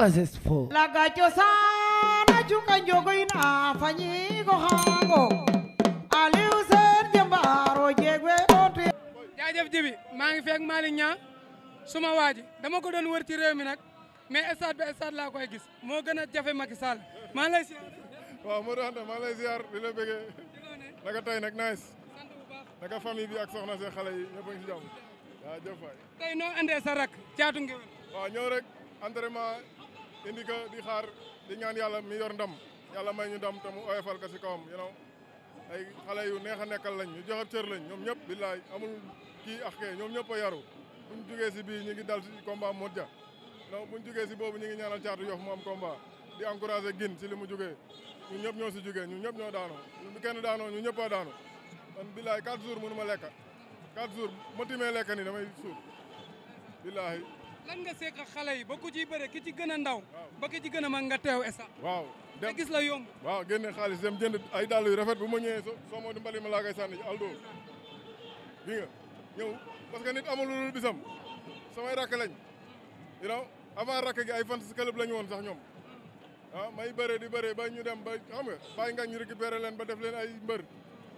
oasis fo laga cosaan a cuka njogoy na fañi go xango Aliou Sène jëmbaaro jeeg we ote jaajëf jibi maa ngi feeg Malick Niang suma waaji dama ko doon wër ci réew mi nag mais stade bi stade laa koy gis moo gën a jafe Macky Sall maa ngi lay ziar waaw Modou Anta naka tey nag nice naka famille ak soxna see xale yi ñëpp ci jàmm waaw noo andee sa caatu ngi waaw ñëw rek entraînement indi ko di xaar di ñaan yàlla mi yor ndam yàlla may ñu ndam te mu oyofal ko si kawam you know ay xale yu neex a nekkal lañ ñu joxab cër lañ ñoom ñëpp billaay amul kii ax kee ñoom ñëpp a yaru buñ jugee si bii ñu ngi dal si combat ja non buñ jugee si boobu ñu ngi ñaanal caatu yof mu am combat di encouragé gin si li mu jugee ñun ñëpp ñoo si jugee ñun ñëpp ñoo daanoo ñu kenn daanoo ñu ñëpp a daanu man billaay quatre jours mënu ma lekka quatre jours ma timee lekka ni damay suur billaay lan nga seq xale yi ba ku ciy bëre ki ci gën a ndaw. ba ki ci gën a mag nga teew esa waaw dem gis la yomb. waaw génne xaalis dem jënd ay dàll yu rafet bu ma ñëwee soo moo di mbali ma laa koy sànni ci aldo bi parce que nit amul lu bisam samay rakk lañ you know avant rakk gi ay fans club lañu sax ñoom ah may bëre di bëre ba ñu dem ba xam nga bàyyi nga ñu récupéré leen ba def leen ay mbër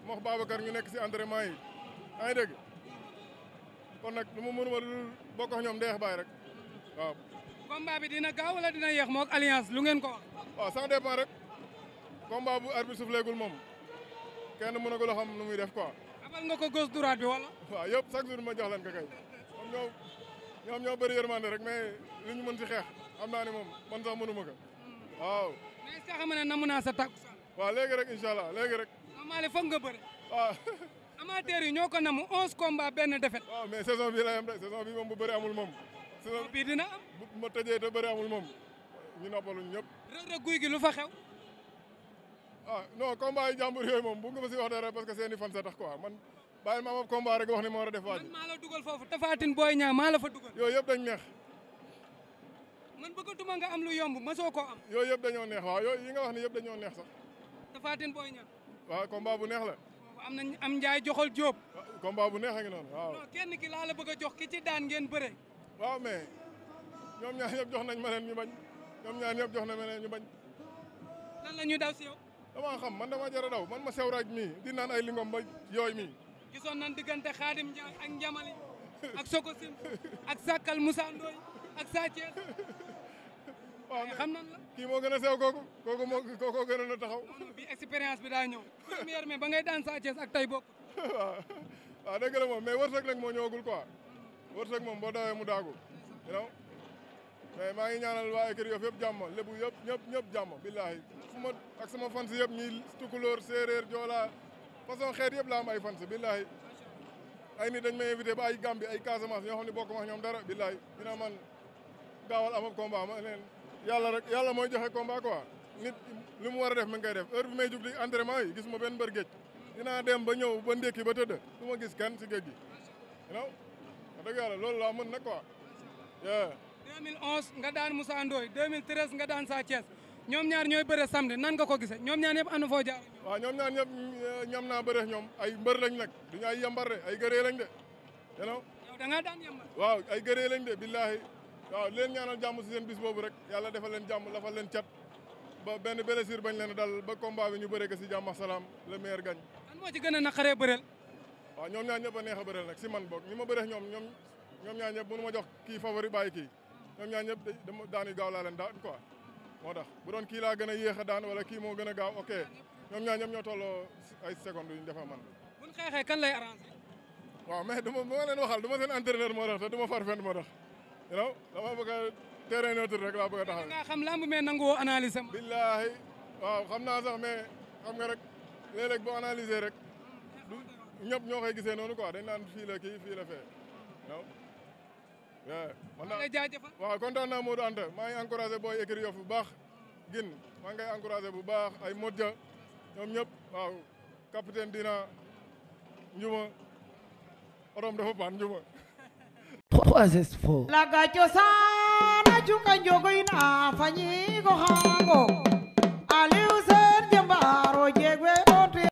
moox Babacar ñu nekk si entraînement yi yaa ngi kon nag lu mu mënuma lu bokk ñoom deex baay rek waaw. combat bi dina gaaw wala dina yéex moog alliance lu ngeen ko wax. waaw ça dépend rek combat bu arbitre souffleegul moom kenn mënagul a xam nu muy def quoi. abal nga ko gauche droite bi wala. waaw yëpp chaque jour ma jox leen ko kay ñoom ñoo ñoom ñoo bëri rek mais li ñu mën si xeex xam naa ne moom man sax mënuma ko waaw. mais est-ce que xam nga ne namu sa waaw léegi rek incha allah léegi rek. normalement foog nga bëri. waaw. amateurs yi ñoo ko namu onze combat benn défaite. waaw mais saison bii la yem rek saison bii moom bu bëri amul moom. saison dina am. bu ma tëjee te bëri amul moom ñu noppaluñ ñëpp. rëg-rëg guy gi lu fa xew. ah non combat yooyu moom bu nga ma si wax dara parce que seen i fan sa tax quoi man bàyyi ma ma combat rek wax ni ma war a def. waaj man maa la dugal foofu Tafatine Boy Niang maa la fa dugal. yooyu yëpp dañ neex. man bëggatuma nga am lu yomb mësoo koo am. yooyu yëpp dañoo neex waaw yooyu yi nga wax ni yëpp dañoo neex sax. Tafatine Boy waaw combat bu neex la. am na am Ndiaye joxal Diop. combat bu neex a ngi noonu kenn ki laa la bëgg a jox ki ci daan ngeen bëre. waaw mais ñoom ñaar ñëpp jox nañ ma mi ñu bañ ñoom ñaar ñëpp jox nañ ma leen ñu bañ. lan la ñuy daw si yow. damaa xam man dama jar a daw man ma sew raaj mii di naan ay lingom ba yooyu mii. gisoon nañ diggante Xaadim Ndiaye ak Njamali ak Sakal Moussa Ndoye ak Sa waaw mais xam nan la kii moo gën a sew kooku kooku moo kooku gënoon a taxaw. bi expérience bi daa ñëw. première mais ba ngay daan Sa Thiès ak tey bokk. waaw waaw dëgg la moom mais wërsëg nag moo ñëwagul quoi wërsëg moom boo dawee mu daagu. you know mais maa ngi ñaanal waa écurie Yoff yëpp jàmm lébu yëpp ñëpp ñëpp jàmm billaahi su ma ak sama fans yëpp ñi tukulóor séeréer joola façon xeet yëpp laa am ay fans billaahi ay nit dañ may invité ba ay Gambie ay Casamance ñoo xam ne bokk ma ñoom dara billaahi dina man gaawal am ab combat ma leen yàlla rek yàlla mooy joxe ko quoi nit li mu war a def mi nga koy def heure bi may jug di entraînement yi gis ma benn mbër géej dinaa dem ba ñëw ba ndékki ba tëdd ma gis kan si géej gi you know wax dëgg yàlla loolu laa mën nag quoi yeah 2011 nga daan mu Moussa Ndoye 2013 nga daan saa Thiès ñoom ñaar ñooy bëre samedi nan nga ko gisee ñoom ñaar ñëpp ànd foo jaar waaw ñoom ñaar ñëpp ñam naa bëre ñoom ay mbër lañ nag duñu ay yambar de ay gëree lañ de you know da ngaa daan yambar waaw ay gëree lañ de billaahi waaw leen ñaanal jàmm si seen bis boobu rek yàlla defal leen jàmm lafal leen cat ba benn blessure bañ leen dal ba combat bi ñu bëree ko si jàmm ak salaam le meilleur gagne. lan moo ci gën a naqaree bëreel. waaw ñoom ñaar ñëpp a neex a bëreel nag si man boog ñu ma bëree ñoom ñoom ñoom ñaar ñëpp mënu ma jox kii favori bàyyi kii ñoom ñaar ñëpp dama daan yu gaaw laa leen daan quoi moo tax bu doon kii laa gën a yéex a daan wala kii moo gën a gaaw ok ñoom ñaar ñëpp ñoo tolloo ay secondes yuñ defa man buñ xeexee kan ma leen waxal du ma seen entraîneur moo tax te du ma far fenn moo yow dama bëgg a terrain neutre rek laa bëgg a taxaw. nga xam lamb mais nanguwoo analyser ma. billaahi waaw xam naa sax mais xam nga rek léeg-léeg boo analyser rek du ñëpp ñoo koy gisee noonu quoi dañ naan fii kii fii la fee yow. Eh, man lay jaajëfal waaw kontaan naa Modou Anta maa ngi booy écrit Yoff bu baax gin maa ngay encouragé bu baax ay Modja ñoom ñëpp waaw capitaine dina njuma otom dafa paan njuma Trois espoirs. La gacho sana chuka njogo inafanyiko hango.